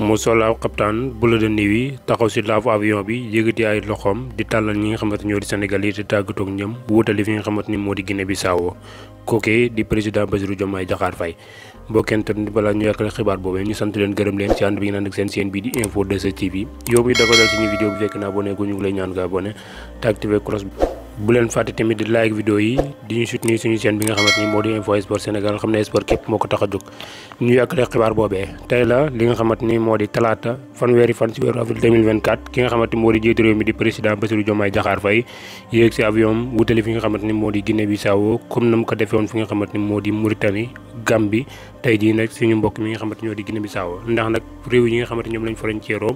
mu sol aw xaptaan bu la de niiw yi taxaw si laafu avion bi yëkkati ay loxoom di tàllal ñi nga xamante ñoo di Sénégal yi di tàggatoog ñoom wutali fi nga xamante ni moo di Guinée Bissau kooke di président Bassirou Diomaye Diakhar Faye mbokkeen tamit balaa ñu yàkkale xibaar boobu ñu sant leen gërëm leen si ànd bi ngeen ànd ak seen chaîne bii di info 2 TV yow mi dafa dal suñu vidéo bi fekk naa abonné ku lay ñaan nga abonné te activé cloche bi bu leen fàtte tamit di like vidéo yi di ñu soutenir suñu chaîne bi nga xamante ni moo di info sport Sénégal xam ne sport képp moo ko tax a jóg ñu yàggale xibaar boobee tey la li nga xamante ni moo di talaata fanweeri fan si weeru avril 2024 ki nga xamante ni moo di jiitu réew mi di président Bassirou Diomaye Diakhar Faye yéeg si avion wutali fi nga xamante ni moo di Guinée Bissau comme na mu ko defee woon fi nga xamante ni moo di Mauritanie gambi tay jii nak suñu mbokk mi nga xamanteni ñoo di Guinée Bissau ndax nak réew yi nga xamanteni ñoom lañ frontiero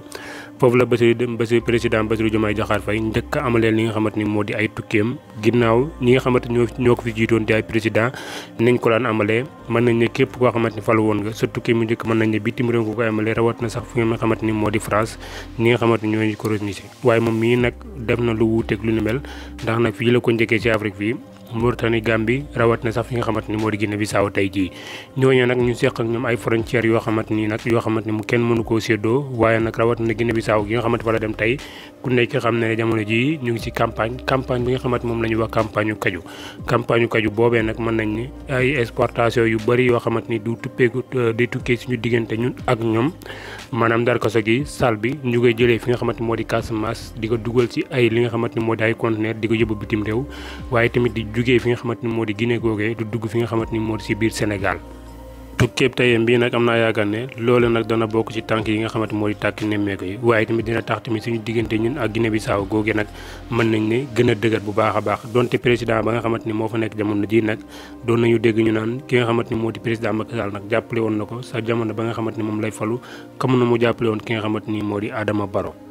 fofu la dem Bassirou président Bassirou Diomaye jaxar fay ndëkk amalel li nga xamanteni modi ay tukkem ginnaw ñi nga xamanteni ñoo ñoo ko fi jittoon di ay président nañ ko daan amalé man nañ ne képp ko xamanteni fal woon nga sa tukki mu njëkk man nañ ne bitim réew ko koy amalé rawat na sax fu nga xamanteni modi France ñi nga xamanteni ñoo ñu ko organisé waye mom mi nak def na lu wuuteeg lu ni mel ndax nak fi la ko ñëkke ci Afrique fi Mauritanie Gambie rawat na sax fi nga xamante ni moo di Guinée Bissau tey jii ñooñu nag ñu seq ak ñoom ay frontières yoo xamante ni nag yoo xamante ni mu kenn mënu koo séddoo waaye nag rawat na Guinée Bissau gi nga xamante fa la dem tey ku nekk xam ne jamono jii ñu ngi ci campagne campagne bi nga xamante moom la ñu wax campagne kaju campagne yu kaju boobee nag mën nañ ni ay exportation yu bëri yoo xamante ni du tuppeeku euh, day tukkee suñu diggante ñun ak ñoom maanaam dar kaso gi sal bi ñu jëlee fi nga xamante moo di Casamance di ko dugal ci ay nga xamante ni moo di ay di ko yóbbu bitim réew waaye tamit di jugee fi nga xamante ni moo di Guinée googee du dugg fi nga xamante ni moo di si biir Sénégal. tukkeeb tayam bii nag am naa yaakaar ne loolu nag dana bokk ci tànk yi nga xamante moo di tàkk nemmeeku yi waaye tamit dina tax tamit suñu diggante ñun ak Guinée Bissau googee nag mën nañ ne gën a dëgër bu baax a baax donte président ba nga xamante ni moo fa nekk jamono ji nag doon nañu dégg ñu naan ki nga xamante ni moo di président Macky Sall nag jàppale woon na ko sa jamono ba nga xamante ni moom lay falu comme na mu jàppale woon ki nga xamante ni moo di Adama Barrow